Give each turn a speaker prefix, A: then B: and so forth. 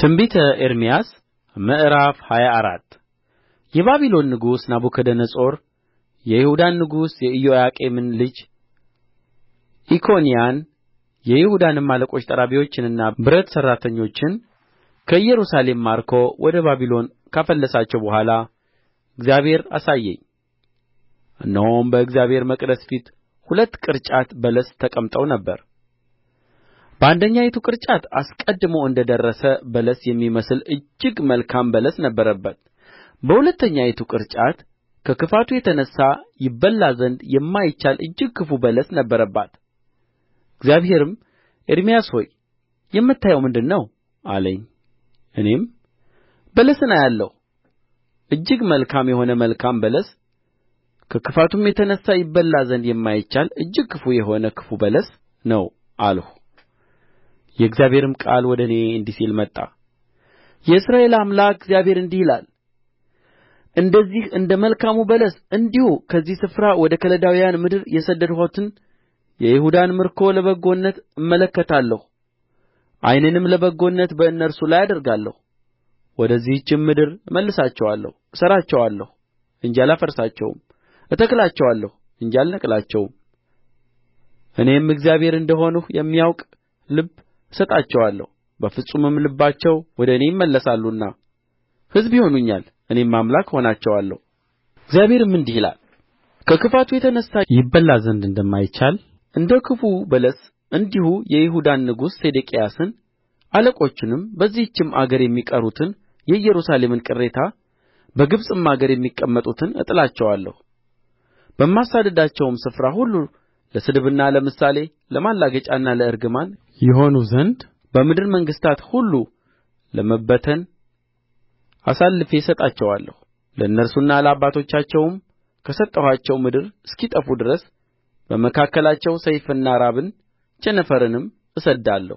A: ትንቢተ ኤርምያስ ምዕራፍ ሃያ አራት የባቢሎን ንጉሥ ናቡከደነፆር የይሁዳን ንጉሥ የኢዮአቄምን ልጅ ኢኮንያን የይሁዳንም አለቆች ጠራቢዎችንና ብረት ሠራተኞችን ከኢየሩሳሌም ማርኮ ወደ ባቢሎን ካፈለሳቸው በኋላ እግዚአብሔር አሳየኝ እነሆም በእግዚአብሔር መቅደስ ፊት ሁለት ቅርጫት በለስ ተቀምጠው ነበር በአንደኛይቱ ቅርጫት አስቀድሞ እንደ ደረሰ በለስ የሚመስል እጅግ መልካም በለስ ነበረበት በሁለተኛይቱ ቅርጫት ከክፋቱ የተነሣ ይበላ ዘንድ የማይቻል እጅግ ክፉ በለስ ነበረባት እግዚአብሔርም ኤርምያስ ሆይ የምታየው ምንድር ነው አለኝ እኔም በለስን አያለሁ እጅግ መልካም የሆነ መልካም በለስ ከክፋቱም የተነሣ ይበላ ዘንድ የማይቻል እጅግ ክፉ የሆነ ክፉ በለስ ነው አልሁ የእግዚአብሔርም ቃል ወደ እኔ እንዲህ ሲል መጣ የእስራኤል አምላክ እግዚአብሔር እንዲህ ይላል እንደዚህ እንደ መልካሙ በለስ እንዲሁ ከዚህ ስፍራ ወደ ከለዳውያን ምድር የሰደድሁትን የይሁዳን ምርኮ ለበጎነት እመለከታለሁ ዓይኔንም ለበጎነት በእነርሱ ላይ አደርጋለሁ ወደዚህችም ምድር እመልሳቸዋለሁ እሠራቸዋለሁ እንጂ አላፈርሳቸውም እተክላቸዋለሁ እንጂ አልነቅላቸውም እኔም እግዚአብሔር እንደ ሆንሁ የሚያውቅ ልብ እሰጣቸዋለሁ በፍጹምም ልባቸው ወደ እኔ ይመለሳሉና ሕዝብ ይሆኑኛል እኔም አምላክ እሆናቸዋለሁ እግዚአብሔርም እንዲህ ይላል ከክፋቱ የተነሣ ይበላ ዘንድ እንደማይቻል እንደ ክፉው በለስ እንዲሁ የይሁዳን ንጉሥ ሴዴቅያስን አለቆቹንም በዚህችም አገር የሚቀሩትን የኢየሩሳሌምን ቅሬታ በግብጽም አገር የሚቀመጡትን እጥላቸዋለሁ በማሳድዳቸውም ስፍራ ሁሉ ለስድብና ለምሳሌ ለማላገጫና ለእርግማን ይሆኑ ዘንድ በምድር መንግሥታት ሁሉ ለመበተን አሳልፌ እሰጣቸዋለሁ ለእነርሱና ለአባቶቻቸውም ከሰጠኋቸው ምድር እስኪጠፉ ድረስ በመካከላቸው ሰይፍንና ራብን ቸነፈርንም እሰድዳለሁ